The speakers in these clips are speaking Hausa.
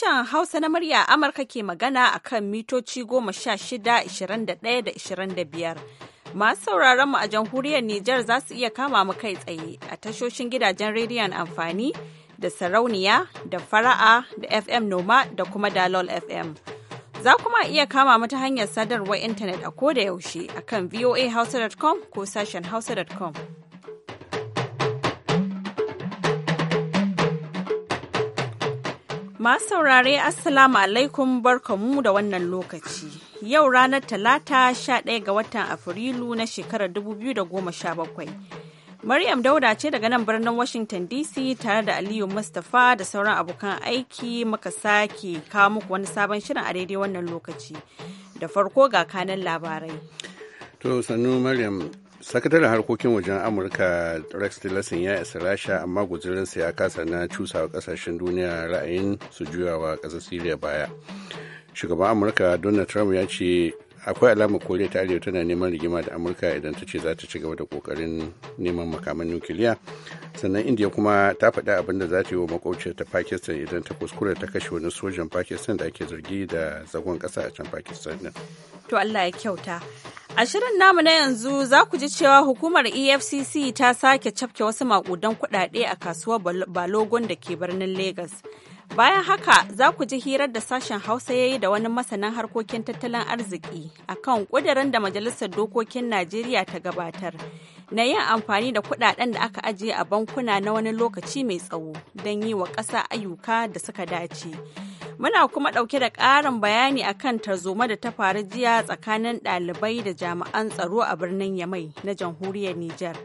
Sashen Hausa na murya Amurka ke magana a kan mitoci goma sha shida, ishirin da ɗaya da ishirin da biyar. Masu sauraron mu a jamhuriyar Nijar za su iya kama mu kai tsaye a tashoshin gidajen rediyon amfani da sarauniya da fara'a da FM Noma da kuma Dalol FM. Za kuma iya kama mu ta hanyar sadarwar intanet a ko da yaushe a kan voahausa.com ko sashen hausa.com. Masu saurare Assalamu alaikum barkamu da wannan lokaci. Yau ranar Talata 11 ga watan Afrilu na shekarar 2017. Maryam Dauda ce daga nan birnin Washington DC tare da Aliyu Mustapha da sauran abokan aiki muka sake kawo muku wani sabon shirin a daidai wannan lokaci. Da farko ga kanan labarai. To sannu Maryam sakataren harkokin wajen amurka rex tillerson ya isa rasha amma guzurinsa ya kasa na cusawa kasashen duniya ra'ayin su juya wa kasar syria baya shugaban amurka donald trump ya ce akwai alamar koriya ta arewa tana neman rigima da amurka idan ta ce za ta ci gaba da kokarin neman makaman nukiliya sannan indiya kuma ta faɗi abin da za ta yi wa makwabciyar ta pakistan idan ta kuskure ta kashe wani sojan pakistan da ake zargi da zagon ƙasa a can pakistan din to allah ya kyauta A shirin namu na yanzu za ku ji cewa hukumar EFCC ta sake cafke wasu makudan kuɗaɗe a kasuwar Balogon da ke birnin Legas. Bayan haka za ku ji hirar da sashen Hausa ya yi da wani masanan harkokin tattalin arziki akan kudirin da Majalisar Dokokin Najeriya ta gabatar na yin amfani da kuɗaɗen da aka ajiye a bankuna na wani lokaci mai tsawo don yi wa ƙasa ayyuka da suka dace. Muna kuma ɗauke da ƙarin bayani a kan tarzoma da ta faru jiya tsakanin ɗalibai da jami'an tsaro a birnin Yamai na jamhuriyar Nijar.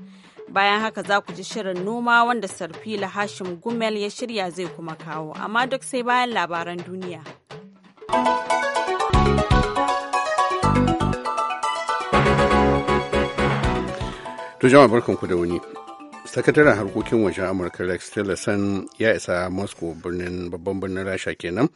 Bayan haka za ku ji shirin noma wanda Sarfila Hashim Gumel ya shirya zai kuma kawo, amma duk sai bayan labaran duniya. To jama'a barkanku da wuni. sakataren harkokin wajen amurka rex tillerson ya isa moscow birnin babban birnin rasha kenan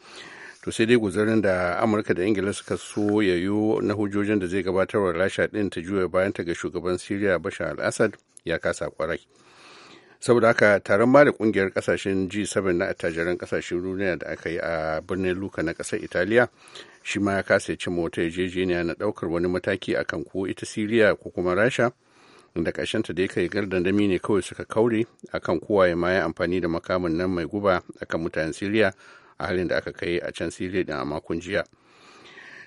to sai dai guzarin da amurka da ingila suka so yayo na hujjojin da zai gabatar wa rasha din ta juya bayan ta ga shugaban Siriya, bashar al-assad ya kasa kwarai saboda haka taron ma da kungiyar kasashen g7 na attajiran kasashen duniya da aka yi a birnin luka na kasar italiya shi ma ya kasa cin mota yarjejeniya na daukar wani mataki akan ko ita Siriya ko kuma rasha da ta da ya kai gardandami ne kawai suka kaure akan kowa ya ma amfani da makamin nan mai guba akan mutanen siriya a halin da aka kai a can siriya din a makon jiya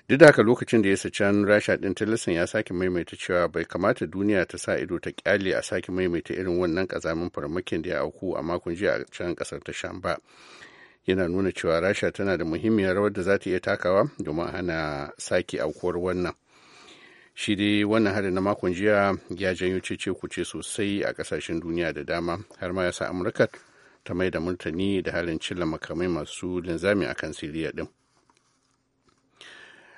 duk da haka lokacin da ya can rasha din tillerson ya sake maimaita cewa bai kamata duniya ta sa ido ta kyale a sake maimaita irin wannan kazamin farmakin da ya auku a makon jiya a can kasar ta sham ba yana nuna cewa rasha tana da muhimmiyar rawar da za ta iya takawa domin hana sake aukuwar wannan shi dai wannan hari na makon jiya ya janyo cece kuce sosai a kasashen duniya da dama har ma ya sa amurka ta mai da murtani da halin cilla makamai masu linzami a kan siriya din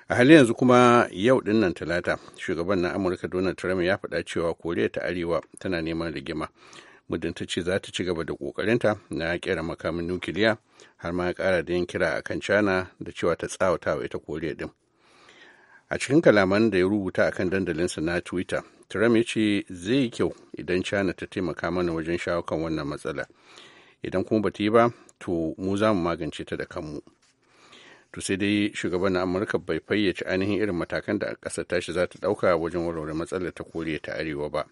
a halin yanzu kuma yau din talata shugaban na amurka donald trump ya faɗa cewa koriya ta arewa tana neman rigima muddin ta ce za ta ci gaba da kokarinta na kera makamin nukiliya har ma ya kara da yin kira kan china da cewa ta tsawata wa ita koriya din a cikin kalaman da ya rubuta a kan dandalinsa na twitter trump ya ce zai yi kyau idan china ta taimaka mana wajen shawo kan wannan matsala idan kuma ba ta yi ba to mu za mu magance ta da kanmu to sai dai shugaban na amurka bai fayyace ainihin irin matakan da ƙasar tashi za ta ɗauka wajen warware matsalar ta koriya ta arewa ba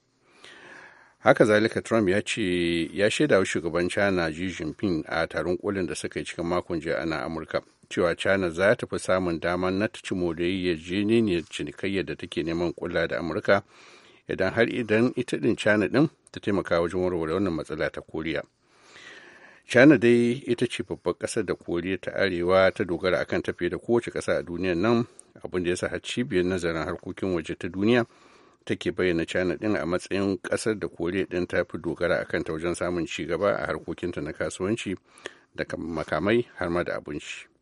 haka zalika trump ya ce ya shaida wa shugaban china xi jinping a taron kolin da suka yi cikin makon jiya ana amurka cewa china za ta fi samun damar na ta ci moriyar cinikayyar da take neman kula da amurka idan har idan ita din china din ta taimaka wajen warware wannan matsala ta koriya china dai ita ce babbar kasar da koriya ta arewa ta dogara akan tafiye da kowace kasa a duniyar nan abin da ya sa cibiyar nazarin harkokin waje ta duniya take bayyana china din a matsayin kasar da koriya din ta fi dogara akan ta wajen samun ci gaba a harkokinta na kasuwanci da makamai har ma da abinci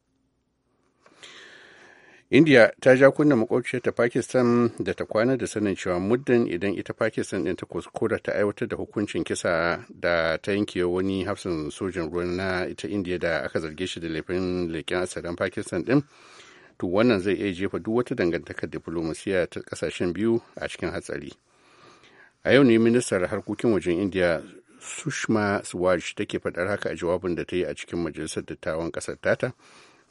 india ta ja kunna makwabciyar ta pakistan da ta kwana da sanin cewa muddin idan ita pakistan ɗin ta kuskura ta aiwatar da hukuncin kisa da ta yanke wani hafsan sojin ruwan na ita indiya da aka zarge shi da laifin leƙen asirin pakistan ɗin to wannan zai iya jefa duk wata dangantakar diplomasiya ta kasashen biyu a cikin hatsari a yau ne ministar harkokin wajen india sushma swaj take faɗar haka a jawabin da ta yi a cikin majalisar dattawan ƙasar tata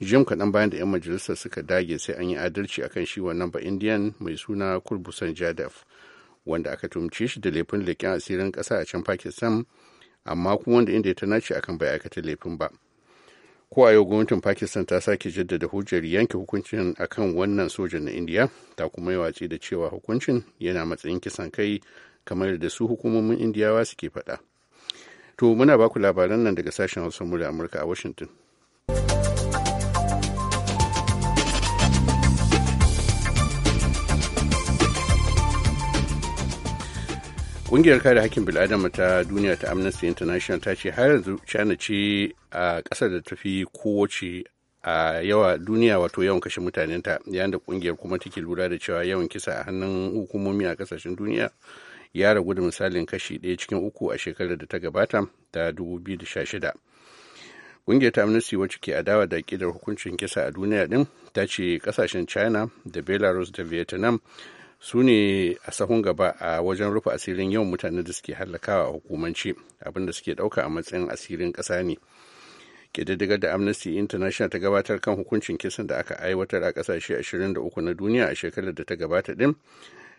jim kaɗan bayan da 'yan majalisar suka dage sai an yi adalci akan shi wannan ba indiyan mai suna kurbusan jadaf wanda aka tumce shi da laifin leƙen asirin ƙasa a can pakistan amma kuma wanda inda ta nace akan bai aikata laifin ba ko a yau gwamnatin pakistan ta sake jaddada hujjar yanke hukuncin akan wannan sojan na indiya ta kuma yi watsi da cewa hukuncin yana matsayin kisan kai kamar yadda su hukumomin indiyawa suke faɗa to muna baku labaran nan daga sashen hausa murya amurka a washington Ƙungiyar kare hakkin bil'adama ta duniya ta Amnesty International ta ce har yanzu China ce a ƙasar da ta fi kowace a yawa duniya wato yawan kashe mutanenta yayin da ƙungiyar kuma take lura da cewa yawan kisa a hannun hukumomi a ƙasashen duniya ya ragu da misalin kashi ɗaya cikin uku a shekarar da ta gabata ta 2016. Ƙungiyar ta Amnesty wacce ke adawa da ƙidar hukuncin kisa a duniya ɗin ta ce ƙasashen China da Belarus da Vietnam su ne a sahun gaba a wajen rufe asirin yawan mutanen da suke hallakawa a hukumance abinda suke ɗauka a matsayin asirin kasa ne ƙididdigar da amnesty international ta gabatar kan hukuncin kisan da aka aiwatar a ƙasashe 23 na duniya a shekarar da ta gabata ɗin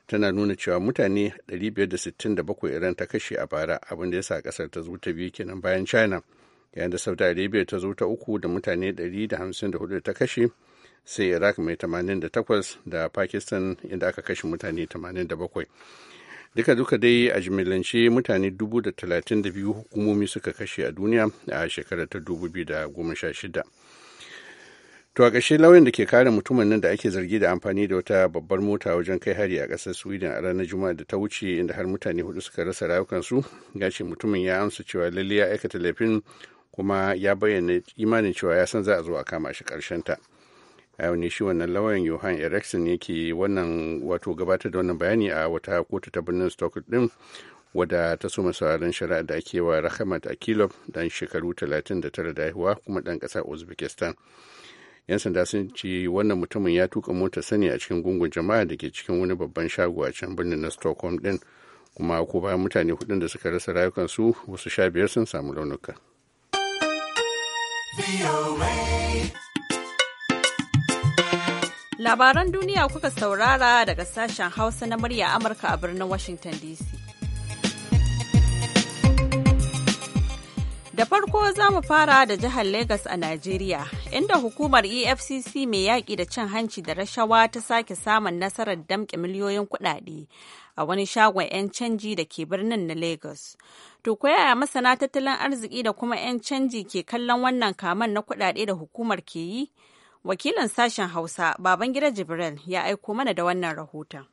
tana nuna cewa mutane 567 iran ta kashe a bara abinda ya sa ƙasar ta zo ta biyu kenan bayan china yayin da saudi arabia ta zo ta uku da mutane 154 ta kashe sai iraq mai 88 da pakistan inda aka kashe mutane 87 duka duka dai a jimillance mutane 32,000 hukumomi suka kashe a duniya a shekarar ta 2016 to a ƙarshe lauyan da ke kare mutumin nan da ake zargi da amfani da wata babbar mota wajen kai hari a ƙasar sweden a ranar juma'a da ta wuce inda har mutane hudu suka rasa rayukansu ya ce mutumin ya amsa cewa lalle ya aikata laifin kuma ya bayyana imanin cewa ya san za a zo a kama shi ta. a yau ne shi wannan lauyan johan erickson yake wannan wato gabatar da wannan bayani a wata kotu ta birnin stockholm din wadda ta so sauraron shari'a da ake wa a akilov dan shekaru 39 da haihuwa kuma dan kasa uzbekistan yan sanda sun ce wannan mutumin ya tuka mota sani a cikin gungun jama'a da ke cikin wani babban shago a can birnin na stockholm din kuma ko bayan mutane hudun da suka rasa rayukansu wasu sha biyar sun samu launuka. Labaran duniya kuka saurara daga sashen Hausa na murya Amurka a birnin Washington DC. Da farko za mu fara da jihar Legas a Najeriya, inda hukumar EFCC mai yaƙi da cin hanci da rashawa ta sake samun nasarar damƙe miliyoyin kuɗaɗe a wani shagon 'yan canji da ke birnin na Legas. To ko yaya masana tattalin arziki da kuma 'yan canji ke kallon wannan kaman na kuɗaɗe da hukumar ke yi? Wakilin sashen Hausa, baban gida Jibril, ya aiko mana da wannan rahoton.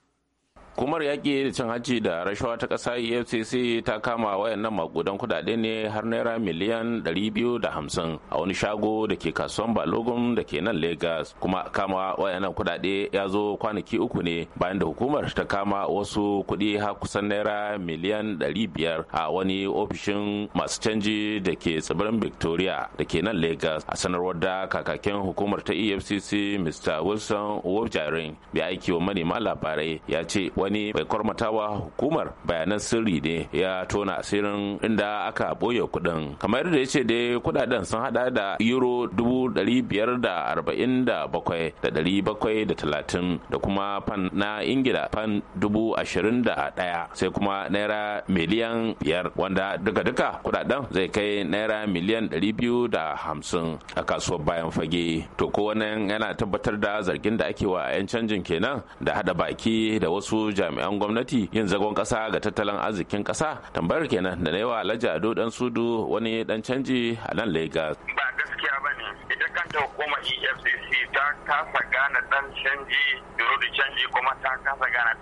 hukumar yaƙi da cin hajji da rashawa ta ƙasa efcc ta kama wayannan makudan kudade ne har naira miliyan 250 a wani shago da ke kasuwan balogun da ke nan lagos kuma kama wayannan kudade ya zo kwanaki uku ne bayan da hukumar ta kama wasu kuɗi har kusan naira miliyan 500 a wani ofishin masu canji da ke tsibirin victoria da ke nan lagos a sanarwar da kakakin hukumar ta efcc mr wilson wobjarin bai aiki wa manema labarai ya ce wani mai kwarmatawa hukumar bayanan sirri ne ya tona asirin inda aka boye kudin kamar da ya ce dai kudaden sun hada da euro 547,730 da kuma fan na ingila fan sai kuma naira miliyan 5 wanda duka-duka kudaden zai kai naira miliyan 250 a kasuwar bayan fage to kowane yana tabbatar da zargin da ake wa 'yan canjin kenan da hada baki da wasu jami'an gwamnati yin zagon kasa ga tattalin arzikin kasa tambayar kenan da na yi wa alhaji ado dan sudu wani dan canji a nan lagos ba gaskiya ba ne ita kanta hukumar efcc ta kasa gane dan canji da canji kuma ta kasa gane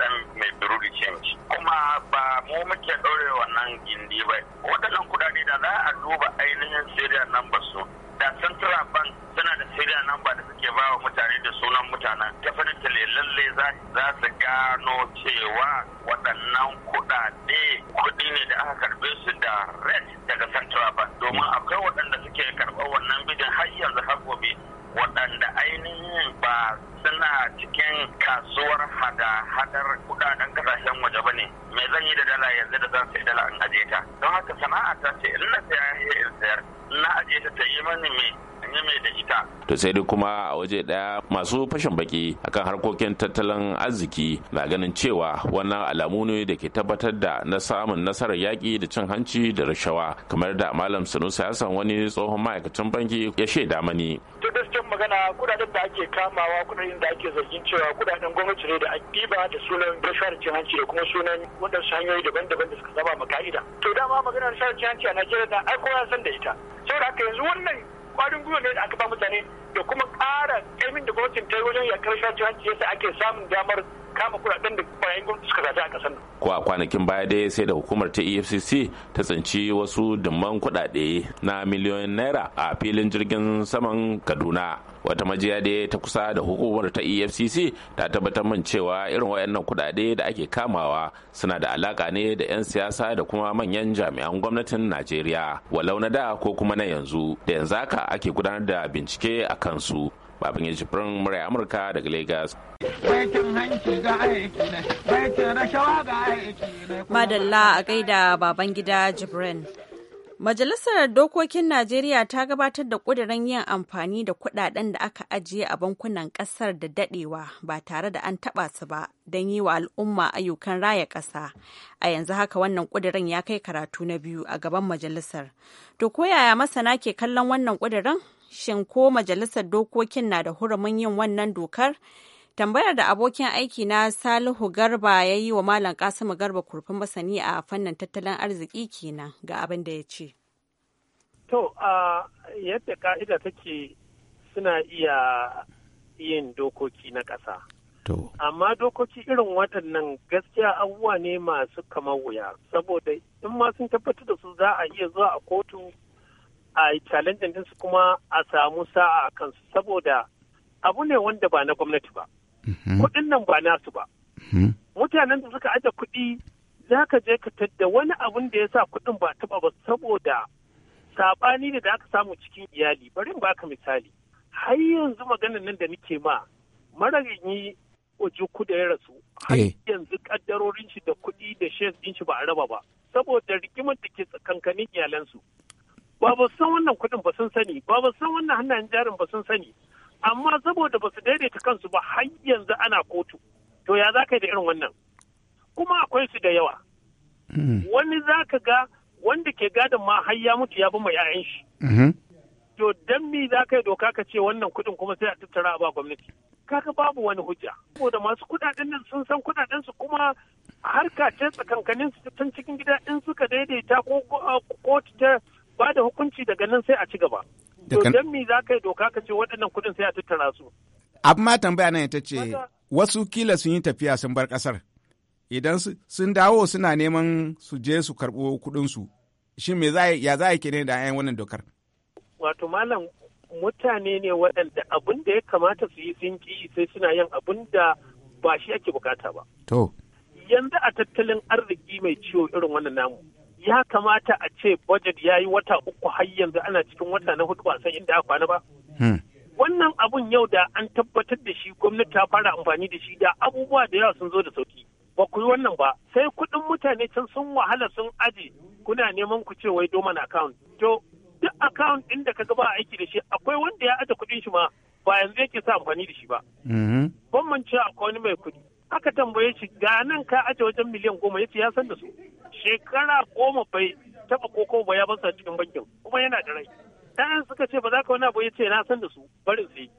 kuma a waje daya masu fashin baki akan harkokin tattalin arziki na ganin cewa wannan alamu ne da ke tabbatar da na samun nasarar yaƙi da cin hanci da rashawa kamar da malam ya san wani tsohon ma'aikacin banki ya shaida mani duk magana kudaden da ake kamawa kudaden da ake zargin cewa kudaden gwamnati ne da akiba da sunan rashawa da cin hanci da kuma sunan waɗansu hanyoyi daban-daban da suka zama ma ka'ida to dama maganar rashawa da cin hanci a najeriya da ai kowa san da ita saboda haka yanzu wannan kwarin gwiwa ne da aka ba mutane da kuma ƙara ƙarfin da gwamnatin ta yi wajen yakar shaci hanci yasa ake samun damar kama kuɗaɗen da bayan gwamnati suka zaci a ƙasar nan. Ko a kwanakin baya dai sai da hukumar ta EFCC ta tsinci wasu dimman kuɗaɗe na miliyoyin naira a filin jirgin saman Kaduna. wata majiya da ta kusa da hukumar ta efcc ta tabbatar min cewa irin wayannan kuɗaɗe da ake kamawa suna da alaka ne da 'yan siyasa da kuma manyan jami'an gwamnatin najeriya walau na da ko kuma na yanzu da yanzu haka ake gudanar da bincike a kansu babin ya jibrin murai amurka daga lagos madalla a gaida baban gida jibrin Majalisar Dokokin Najeriya ta gabatar da kudirin yin amfani da kuɗaɗen da aka ajiye a bankunan ƙasar da daɗewa ba tare da an taɓa su ba don yi wa al'umma ayyukan raya ƙasa. A yanzu haka wannan kudirin ya kai karatu na biyu a gaban majalisar. To koyaya masana ke kallon wannan kudirin shin ko majalisar dokokin na da hurumin yin wannan dokar? Tambayar da abokin aiki na Salihu Garba ya yi wa Malam Kasimu Garba kurfin masani a fannin tattalin arziki kenan ga abin da ya ce. To, yadda ka'ida take suna iya yin dokoki na ƙasa. Amma dokoki irin waɗannan gaskiya abubuwa ne masu kamar wuya, saboda in ma sun tabbatar da su za a iya zuwa a kotu a yi challenge din su kuma a samu sa'a a kansu saboda abu ne wanda ba na gwamnati ba mhm. kuɗin nan ba nasu ba mhm. mutanen da suka aje kuɗi za ka je ka tadda wani abun da ya sa kuɗin ba taɓa ba saboda saɓani ne da aka samu cikin iyali bari in baka misali har yanzu maganan nan da nike ma maraganyi ojuku da ya rasu har eh. yanzu kaddarorin shi da kuɗi da shes ɗin shi ba a raba ba saboda rigimar da ke tsakankanin iyalansu ba ba san wannan kuɗin ba sun sani ba ba san wannan hannayen jarin ba sun sani amma saboda ba su daidaita kansu ba har yanzu ana kotu to ya za ka yi da irin wannan kuma akwai su da yawa hmm. wani za ka ga wanda ke gadon ma har ya mutu ya bi mai 'ya'yan shi mm-hmm. to dan mi za ka yi doka ka ce wannan kuɗin kuma sai a tattara ba gwamnati kaka babu wani hujja saboda masu kuɗaɗen nan sun san kuɗaɗen su kuma harka ce tsakankanin su tun cikin gida in suka daidaita ko kotu ta ba da hukunci daga nan sai a ci gaba. To don mi za ka yi doka ka ce waɗannan kuɗin sai a tattara su. Abin ma tambaya nan ita ce wasu kila sun yi tafiya sun bar ƙasar. Idan sun dawo suna neman su je su karɓo kuɗinsu. shi me za ya za a kene da ayan wannan dokar? Wato malam mutane ne waɗanda abin da ya kamata su yi sun ƙi, sai suna yin abin da ba shi ake bukata ba. To. Yanzu a tattalin arziki mai ciwo irin wannan namu. ya kamata a ce budget ya yi wata uku har yanzu ana cikin wata na hudu ba san inda aka kwana ba. Hmm. Wannan abun yau da an tabbatar da shi gwamnati ta fara amfani da shi da abubuwa da yawa sun zo da sauki. Ba ku yi wannan ba sai kuɗin mutane can sun wahala sun aji kuna neman ku ce wai doman account. To duk account ɗin da ka gaba aiki da shi akwai wanda ya aje kuɗin shi ma ba yanzu yake sa amfani da shi ba. Ban mm-hmm. mance akwai wani mai kuɗi aka tambaye shi ga nan ka aje wajen miliyan goma ya ce ya san da su shekara goma bai taba ko ba ya basa cikin bankin kuma yana da rai ɗayan suka ce ba za ka wani abu ya ce na san da su barin sai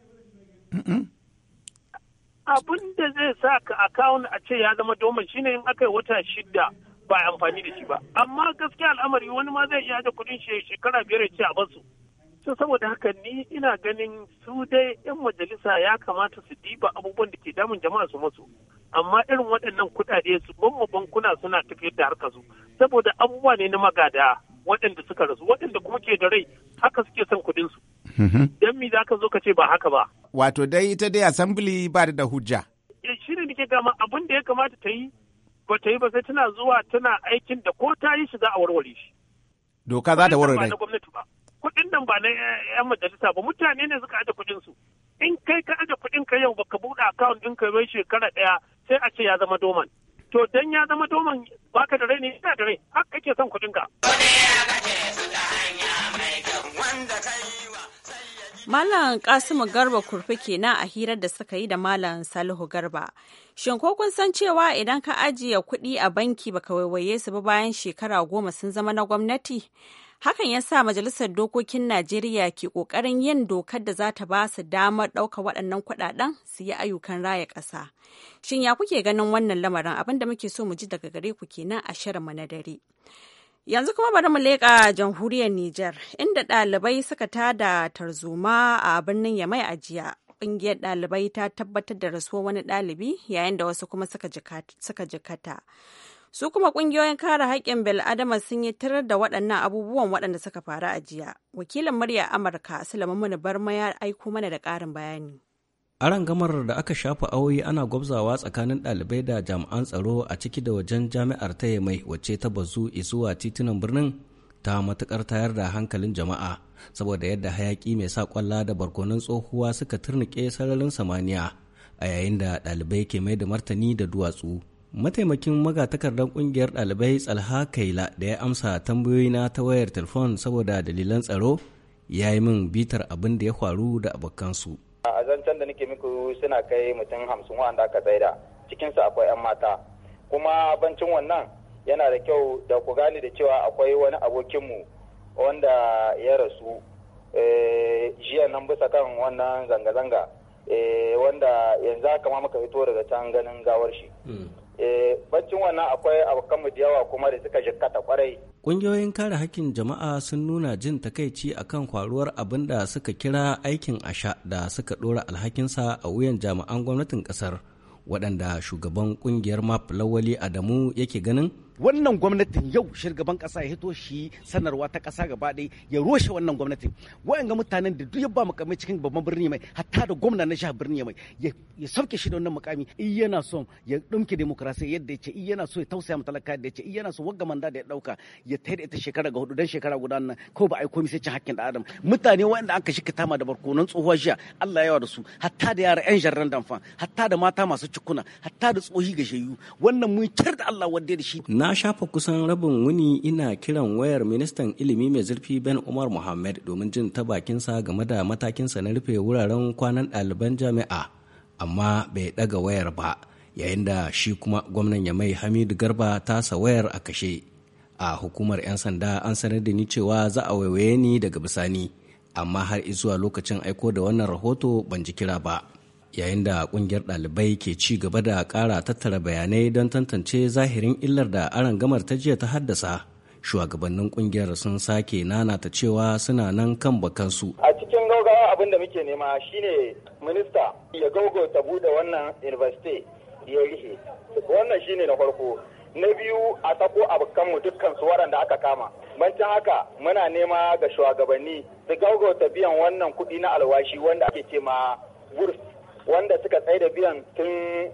abin da zai sa ka akawun a ce ya zama domin shine in aka yi wata shida ba amfani da shi ba amma gaskiya al'amari wani ma zai iya da kudin shi shekara biyar ya ce a basu to saboda haka ni ina ganin su dai yan majalisa ya kamata su diba abubuwan da ke damun jama'a su masu amma irin waɗannan kuɗaɗe su bamma bankuna suna tafiyar da harka su saboda abubuwa ne na magada waɗanda suka rasu waɗanda kuma ke da rai haka suke son kuɗin su mhm. dan mi za ka zo ka ce ba haka ba wato dai ita dai assembly ba da hujja eh, shi ne nake gama abin da ya kamata ta yi ba ta yi ba sai tana zuwa tana aikin da ko ta yi shi za a warware shi doka za ta warware kuɗin nan ba na eh, 'yan majalisa ba mutane ne suka ajiye kuɗin su in kai ka aje kuɗin ka yau baka buɗe ɗin ɗin mai shekara ɗaya sai a ce ya zama doman to dan ya zama doman baka da rai ne ina da rai haka kake son kuɗin ka Malam Kasimu Garba kurfi kenan a hirar da suka yi da Malam Salihu Garba. Shin ko kun san cewa idan ka ajiye kuɗi a banki baka waiwaye su ba bayan shekara goma sun zama na gwamnati? Hakan ya sa Majalisar Dokokin Najeriya ke kokarin yin dokar da za ta ba su damar ɗaukar waɗannan kuɗaɗen su yi ayyukan raya ƙasa. Shin ya kuke ganin wannan lamarin abinda da muke so mu ji daga gare ku kenan a shirinmu na dare. Yanzu kuma bari mu leƙa jamhuriyar Nijar, inda ɗalibai suka tada tarzoma a birnin Yamai a jiya. Ƙungiyar ɗalibai ta tabbatar da rasuwar wani ɗalibi yayin da wasu kuma suka jikata. Su kuma kungiyoyin kare haƙƙin bil'adama sun yi tarar da waɗannan abubuwan waɗanda suka faru a jiya. Wakilin murya Amurka Sulaiman Mani Barma ya aiko mana da ƙarin bayani. gamar da aka shafa awoyi ana gwabzawa tsakanin ɗalibai da jami'an tsaro a ciki da wajen jami'ar ta mai wacce ta bazu isuwa titunan birnin ta matukar tayar da hankalin jama'a saboda yadda hayaki mai sa kwalla da barkonon tsohuwa suka turnike sararin samaniya a yayin da ɗalibai ke mai da martani da duwatsu mataimakin magatakardar kungiyar ɗalibai tsalha kaila da ya amsa na ta wayar telefon saboda dalilan tsaro ya yi min bitar abin da ya faru da abokansu a zancen da nake muku suna kai mutum hamsin wanda aka tsaida cikinsu akwai 'yan mata kuma bancin wannan yana da kyau da ku gane da cewa akwai wani abokinmu wanda ya rasu eh, jiya nan bisa kan wannan zanga-zanga eh, wanda yanzu haka ma muka fito daga can ganin gawar shi hmm. Eh, baccin wannan akwai abokanmu da yawa kuma da suka jikata kwarai. Ƙungiyoyin kare hakkin jama'a sun nuna jin takaici akan kwaruwar abin da suka kira aikin asha da suka ɗora alhakinsa a wuyan jami'an gwamnatin ƙasar waɗanda shugaban ƙungiyar map lawali Adamu yake ganin wannan gwamnatin yau shirgaban kasa ya hito shi sanarwa ta kasa gaba ɗaya ya roshe wannan gwamnatin wa'anga mutanen da duk ya ba makamai cikin babban birni mai hatta da gwamna na jihar birni mai ya sauke shi da wannan makami in yana son ya dumke demokrasiya yadda ya ce in yana so ya tausaya talaka yadda ya ce in yana so wagga manda da ya dauka ya tayar ita shekara ga hudu dan shekara guda nan ko ba ai komai sai cin hakkin da adam mutane wa'anda aka shi kitama da barkonon tsohuwa jiya Allah ya yawa da su hatta da yara yan jarran damfa hatta da mata masu cikuna hatta da tsohi ga shayu wannan mun kyar da Allah wanda da shi Na shafa kusan rabin wuni ina kiran wayar ministan ilimi mai zurfi Ben Umar Mohammed domin jin ta bakinsa game da matakinsa na rufe wuraren kwanan ɗaliban jami'a, amma bai ɗaga wayar ba, yayin da shi kuma gwamnan ya mai Hamidu Garba ta sa wayar a kashe. A hukumar 'yan sanda an sanar da ni cewa za a waiwaye ni daga bisani, amma har izuwa lokacin aiko da wannan rahoto ban ji kira ba. yayin da kungiyar dalibai ke ci gaba da kara tattara bayanai don tantance zahirin illar da gamar ta jiya ta haddasa shugabannin kungiyar sun sake nanata cewa suna nan kan bakansu a cikin gaugawa abin da muke nema shine minista ya gaugauta bude wannan university ya rihe wannan shine na farko na biyu a sako abokanmu dukkan su waɗanda aka kama bancin haka muna nema ga shugabanni su gaugauta biyan wannan kuɗi na alwashi wanda ake ce ma gurs wanda suka tsaye da biyan tun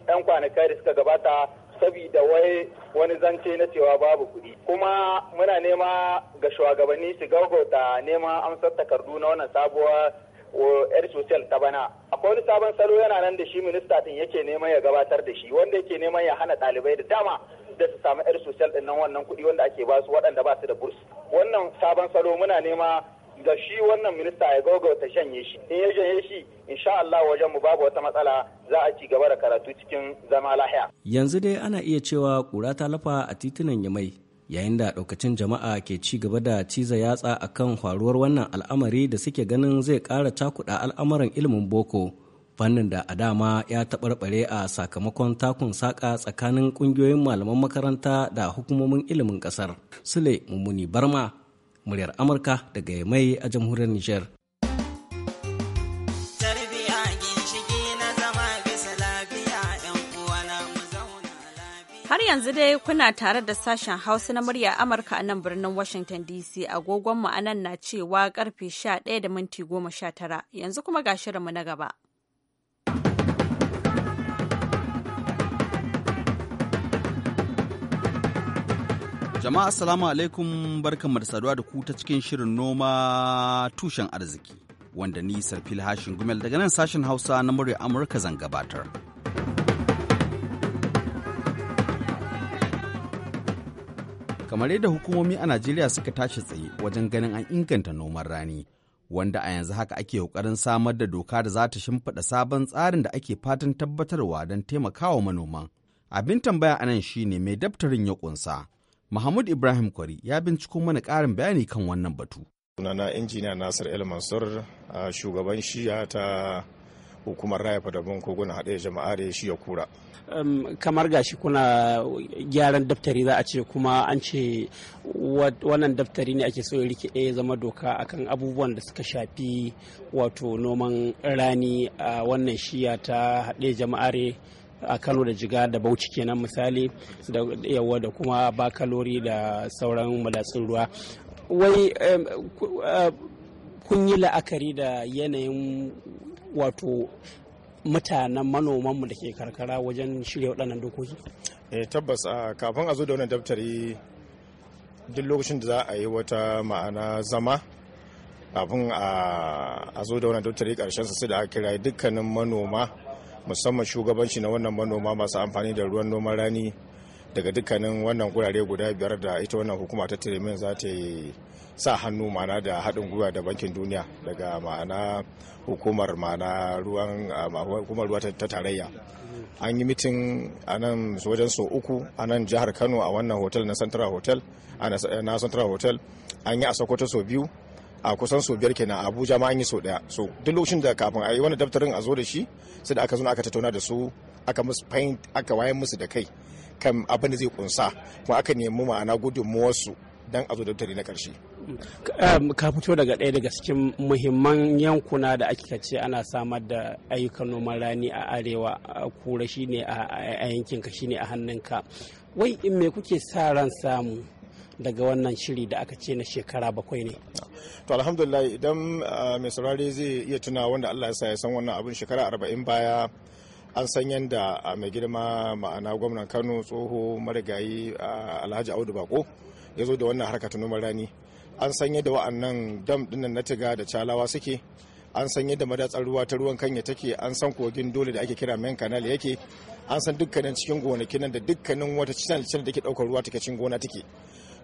'yan kwanakai da suka gabata saboda wai wani zance na cewa babu kuɗi kuma muna nema ga shugabanni su gaugauta neman amsar takardu na wannan sabuwar yar social ta bana akwai wani sabon salo yana nan da shi minista din yake neman ya gabatar da shi wanda yake neman ya hana ɗalibai da dama da su samu yar social din nan wannan kuɗi wanda ake basu waɗanda ba su da burs wannan sabon salo muna nema ga shi wannan minista ya ta shanye shi in ya janye shi insha Allah wajen mu babu wata matsala za a ci gaba da karatu cikin zama lahiya yanzu dai ana iya cewa kura ta lafa a titunan yamai yayin da daukacin jama'a ke ci gaba da ciza yatsa akan faruwar wannan al'amari da suke ganin zai kara cakuɗa al'amarin ilimin boko fannin da a dama ya taɓarɓare a sakamakon takun saƙa tsakanin ƙungiyoyin malaman makaranta da hukumomin ilimin ƙasar sule mummuni barma muryar Amurka daga mai a jamhuriyar Nijar. Har yanzu dai kuna tare da sashen Hausa na murya Amurka a nan birnin Washington DC agogon mu anan na cewa karfe 11 da minti 19 yanzu kuma ga shirinmu na gaba. Jama'a assalamu alaikum barkanmu da saduwa da ku ta cikin shirin noma tushen arziki wanda ni Sarfil Hashin Gumel daga nan sashen Hausa na murya Amurka zan gabatar. Kamar yadda hukumomi a Najeriya suka tashi tsaye wajen ganin an inganta noman rani wanda a yanzu haka ake kokarin samar da doka da za ta shimfiɗa sabon tsarin da ake fatan tabbatarwa don taimakawa manoman. Abin tambaya anan shine mai daftarin ya ƙunsa. Mahmud Ibrahim Kwari ya binciko mana ƙarin bayani kan wannan batu. Sunana injiniya Nasir El Mansur shugaban shiya ta hukumar raya fadabin kogon haɗe jama'a da shi ya kura. kamar gashi kuna gyaran daftari za a ce kuma an ce wannan daftari ne ake so ya rike ya zama doka akan abubuwan da suka shafi wato noman rani a wannan shiya ta haɗe jama'are a kano da jiga da bauchi kenan misali da yawa da kuma bakalori da sauran madatsun ruwa wai kun yi la'akari da yanayin wato mutanen manomanmu da ke karkara wajen shirya waɗannan dokoki? eh tabbas kafin a zo da wannan daftari duk lokacin da za a yi wata ma'ana zama kafin a zo da wannan daftari karshen sai da aka kira dukkanin manoma musamman shugabanci na wannan manoma masu amfani da ruwan noman rani daga dukkanin wannan gurare guda biyar da ita wannan hukuma ta tiremin za ta sa hannu mana da haɗin gwiwa da bankin duniya daga ma'ana hukumar ma'ana ruwan hukumar ruwa ta tarayya an yi mitin a nan wajen so uku a nan jihar kano a wannan hotel na central hotel na central hotel an yi a sokoto so biyu a kusan sau biyar kenan abuja ma an yi sau daya so duk lokacin da kafin a yi wani daftarin a zo da shi sai da aka zo aka tattauna da su aka musu aka wayan musu da kai kan abin da zai kunsa kuma aka nemi ma'ana su dan a zo daftari na karshe ka fito daga ɗaya daga cikin muhimman yankuna da ake ce ana samar da ayyukan noman rani a arewa kura shine a yankinka shine a hannunka wai in me kuke sa ran samu daga wannan shiri da aka ce na shekara bakwai ne. To alhamdulillah idan ah, mai saurari zai iya tuna wanda Allah ya sa ya san wannan abin shekara arba'in baya an san yadda ah, mai girma ma'ana gwamnan Kano tsoho marigayi ah, Alhaji Audu Bako ya zo da wannan harka ta rani. An san yadda wa'annan dam dinnan na tiga da calawa suke an san yadda madatsar ruwa ta ruwan kanya take an san kogin dole da ake kira main canal yake an san dukkanin cikin gonakin nan da dukkanin wata cikin da ke daukar ruwa take cikin gona take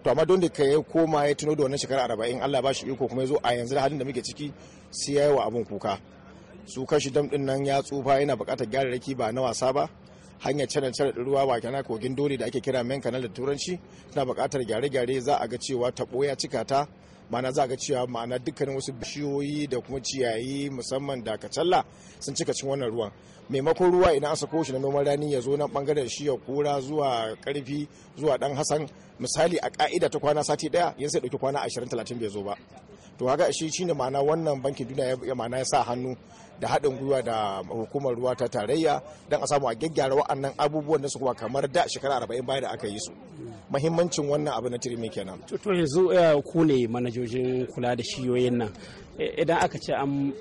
to amma don da ka ya koma ya tuno da wannan shekara arba'in allah ba shi iko kuma ya zo a yanzu da halin da muke ciki sai ya yi wa abin kuka su kashi dam din nan ya tsufa yana buƙatar gyararraki ba na wasa ba hanyar canan canan ruwa ba kana kogin dole da ake kira main canal da turanci tana bukatar gyare-gyare za a ga cewa taɓo ya cika ta ma'ana za ga cewa ma'ana dukkanin wasu bishiyoyi da kuma ciyayi musamman da kacalla sun cika cin wannan ruwan maimakon ruwa idan an sako shi na noman rani ya zo na bangaren shi ya kura zuwa karfi zuwa dan hasan misali a ka'ida ta kwana sati daya yanzu sai dauki kwana 20 30 bai zo ba to haka shi shi ne ma'ana wannan bankin duniya ya ma'ana ya sa hannu da haɗin gwiwa da hukumar ruwa ta tarayya don a samu a gyaggyara wa'annan abubuwan da su kuma kamar da shekara arba'in baya da aka yi su mahimmancin wannan abu na tirimi kenan to yanzu eh, ku ne manajojin kula da shiyoyin nan idan aka ce an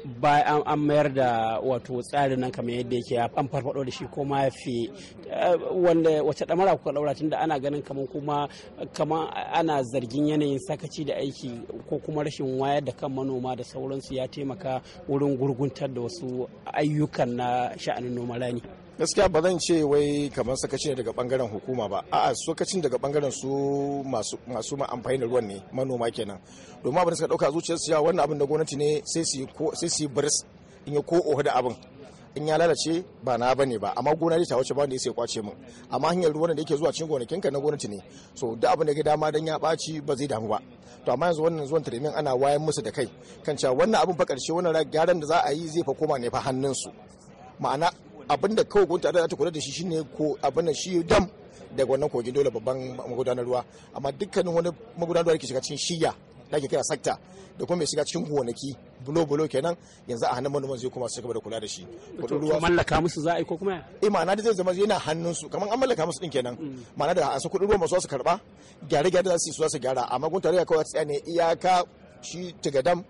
mayar da wato tsarin nan kamar yadda yake an farfado da shi ko ma fi eh, wanda wace damara kuka daura tunda ana ganin kamar kuma kamar ana zargin yanayin sakaci da aiki ko kuma rashin wayar da kan manoma da sauransu ya taimaka wurin gurguntar da wasu ayyukan na sha'anin noma rani. gaskiya ba zan ce wai kamar sakaci ne daga bangaren hukuma ba a'a sakacin daga bangaren su masu masu amfani da ruwan ne manoma kenan domin abin da suka dauka zuciyarsu ya wannan abin da gwamnati ne sai su sai su in ya ko oho da abin in ya lalace ba na bane ba amma gona ta wuce ba wanda ya sai kwace min amma hanyar ruwan da yake zuwa cikin gonakin ka na gwamnati ne so duk abin da ke dama dan ya baci ba zai damu ba to amma yanzu wannan zuwan tarimin ana wayan musu da kai kan cewa wannan abin fa karshe wannan gyaran da za a yi zai fa koma ne fa hannun su ma'ana da kawai gwamnati za ta kula da shi shine ko abin da shi dam daga wannan kogin dole babban magudanar ruwa amma dukkanin wani magudanar ruwa da ke shiga cikin shiya da ake kira sakta da kuma mai shiga cikin gonaki bulo bulo kenan yanzu a hannun manoman zai kuma su gaba da kula da shi kudin ruwa mallaka musu za a yi ko kuma eh ma'ana da zai zama yana hannun su kamar an mallaka musu din kenan mm. ma'ana da an su kudin ruwa masu su karba gyare gyare za su yi su za su gyara amma gwamnati ya kawai ta tsaya ne iyaka shi tigadam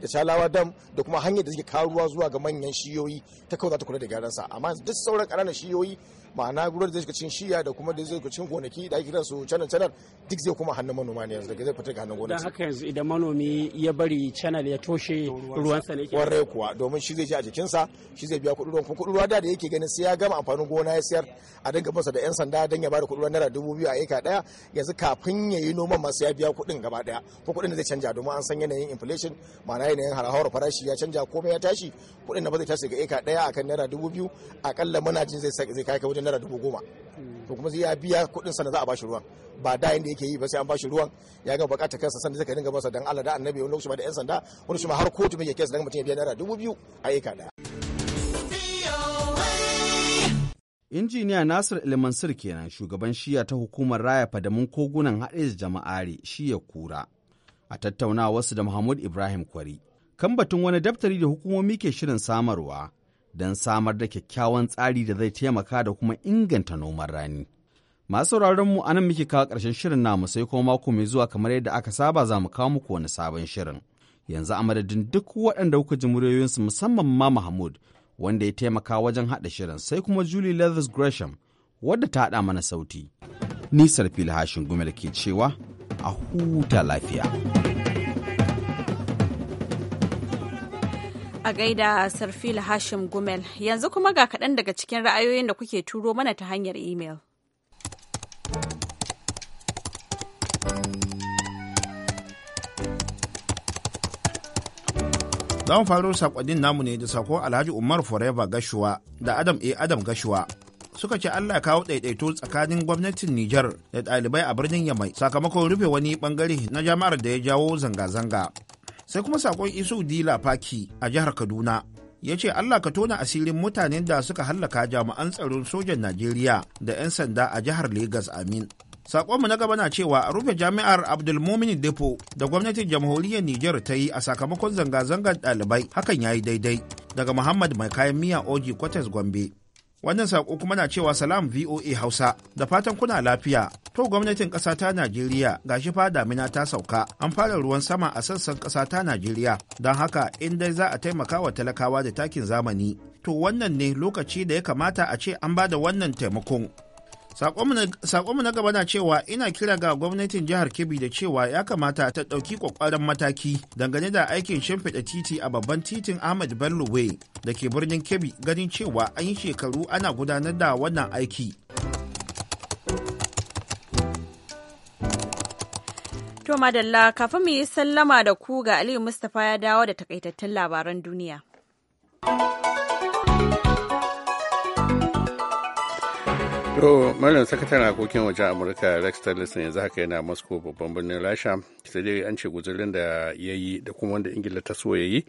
da shalawa dam da kuma hanyar da suke kawo ruwa zuwa ga manyan shiyoyi ta kawo za ta kula da gyaransa amma duk sauran ƙananan shiyoyi ma'ana ruwan da zai cikin shiya da kuma da zai cikin gonaki da ake su channel channel duk zai kuma hannun manoma ne yanzu daga zai fita ga hannun gonaki. don haka yanzu idan manomi ya bari channel ya toshe ruwansa ne ke warre kuwa domin shi zai ji a jikinsa shi zai biya kuɗin ruwan kuma kuɗin ruwa da yake ganin sai ya gama amfanin gona ya sayar a dinga masa da yan sanda dan ya bada kuɗin ruwan naira dubu biyu a eka daya yanzu kafin ya yi noman masu ya biya kuɗin gaba daya ko kuɗin da zai canja domin an san yanayin inflation ma'ana yanayin harahawar farashi ya canja komai ya tashi kuɗin da ba zai tashi ga eka daya akan naira dubu biyu akalla muna jin zai kai ka wajen wajen naira dubu goma to kuma ya biya kuɗin sannan za a bashi ruwan ba da yanda yake yi ba sai an bashi ruwan ya ga bukata kansa sannan zai ka dinga masa dan Allah da annabi wani lokaci ma da yan sanda wani shi ma har kotu mai kesa dan mutum ya biya naira dubu biyu a eka daya injiniya nasir ilmansir kenan shugaban shiya ta hukumar raya fadamin kogunan haɗe jama'are shiya kura a tattaunawa wasu da muhammad ibrahim kwari kan batun wani daftari da hukumomi ke shirin samarwa don samar da kyakkyawan tsari da zai taimaka da kuma inganta noman rani. Masu mu a nan muke kawo ƙarshen shirin namu sai kuma mako mai zuwa kamar yadda aka saba za mu kawo muku wani sabon shirin. Yanzu a madadin duk waɗanda kuka ji muryoyinsu musamman ma Mahmud wanda ya taimaka wajen haɗa shirin sai kuma Julie Leathers Gresham wadda ta haɗa mana sauti. Nisar fili hashin gumel ke cewa a huta lafiya. A gaida Sarfila Hashim Gumel, yanzu kuma ga kaɗan daga cikin ra'ayoyin da kuke turo mana ta hanyar imel. Za faro sakonnin namu ne da sako Alhaji Umar Forever Gashuwa da Adam A. Adam Gashuwa. suka ce Allah kawo ɗaiɗaito tsakanin gwamnatin Niger da ɗalibai a birnin Yamai sakamakon rufe wani ɓangare na jama'ar da ya jawo zanga-zanga. sai kuma sakon isu dila Paki a jihar kaduna ya ce allah ka tona asirin mutanen da suka hallaka jami'an tsaron sojan najeriya da 'yan sanda a jihar Legas amin sakonmu na gaba na cewa a rufe jami'ar abdulmumin depo da gwamnatin jamhuriyar niger ta yi a sakamakon zanga-zangar ɗalibai hakan ya yi daidai daga muhammad mai kayan miya oji kwatas gombe Wannan saƙo kuma na cewa salam VOA Hausa da fatan kuna lafiya. To gwamnatin ƙasa ta Najeriya shi fa damina ta sauka an fara ruwan sama a sassan ƙasa ta Najeriya don haka in dai za a taimaka wa talakawa da takin zamani. To wannan ne lokaci da ya kamata a ce an ba da wannan taimakon Sakonmu na gaba na cewa ina kira ga gwamnatin jihar Kebbi da cewa ya kamata ta ɗauki ƙwaƙwaran mataki dangane da aikin shimfiɗa titi a babban titin Ahmad Bello Way da ke birnin Kebbi ganin cewa an yi shekaru ana gudanar da wannan aiki. To madalla kafin mu yi sallama da ku ga Aliyu Mustapha ya dawo da takaitattun labaran duniya. To, Malam Sakataren Harkokin Wajen Amurka Rex Tillerson yanzu haka yana Moscow babban birnin Rasha, sai dai an ce guzurin da ya yi da kuma wanda Ingila ta so ya yi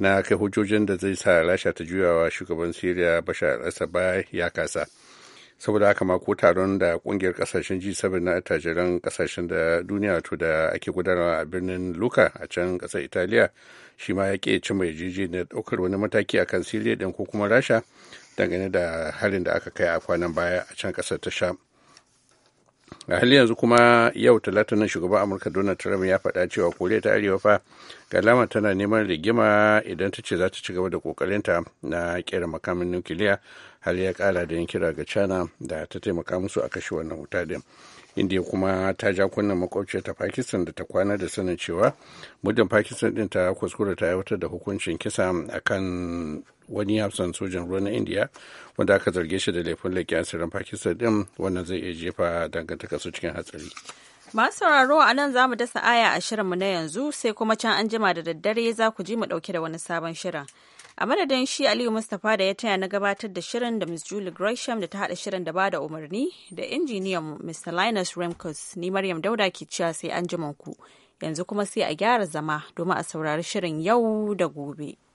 na kai hujjojin da zai sa Rasha ta juyawa shugaban syria Bashar al-Assad ya kasa. Saboda haka ma ko taron da kungiyar kasashen G7 na attajiran kasashen da duniya to da ake gudanarwa a birnin Luka a can kasar Italiya shi ma ya ke cimma yarjejeniyar daukar wani mataki akan syria din ko kuma Rasha dangane da harin da aka kai a kwanan baya a can kasar ta sham a hali yanzu kuma yau talata na shugaban amurka donald trump ya faɗa cewa koriya ta arewa fa galama tana neman rigima idan ta ce za ta ci gaba da kokarinta na kera makamin nukiliya har ya kara da yin kira ga china da ta taimaka musu a kashe wannan wuta din indiya kuma ta ja kunnen makwabciyar ta pakistan da ta kwana da sanin cewa muddin pakistan din ta kuskure ta aiwatar da hukuncin kisa akan wani hafsan sojan ruwa na indiya wanda aka zarge shi da laifin leƙi asirin pakistan din wannan zai iya jefa dangantaka su cikin hatsari masu sauraro a nan za mu dasa aya a shirinmu na yanzu sai kuma can an jima da daddare za ku ji mu ɗauke da wani sabon shirin a madadin shi aliyu mustapha da ya taya na gabatar da shirin da miss julie gresham da ta haɗa shirin da bada umarni da injiniyan mr linus remkus ni maryam dauda ke cewa sai an ku yanzu kuma sai a gyara zama domin a saurari shirin yau da gobe.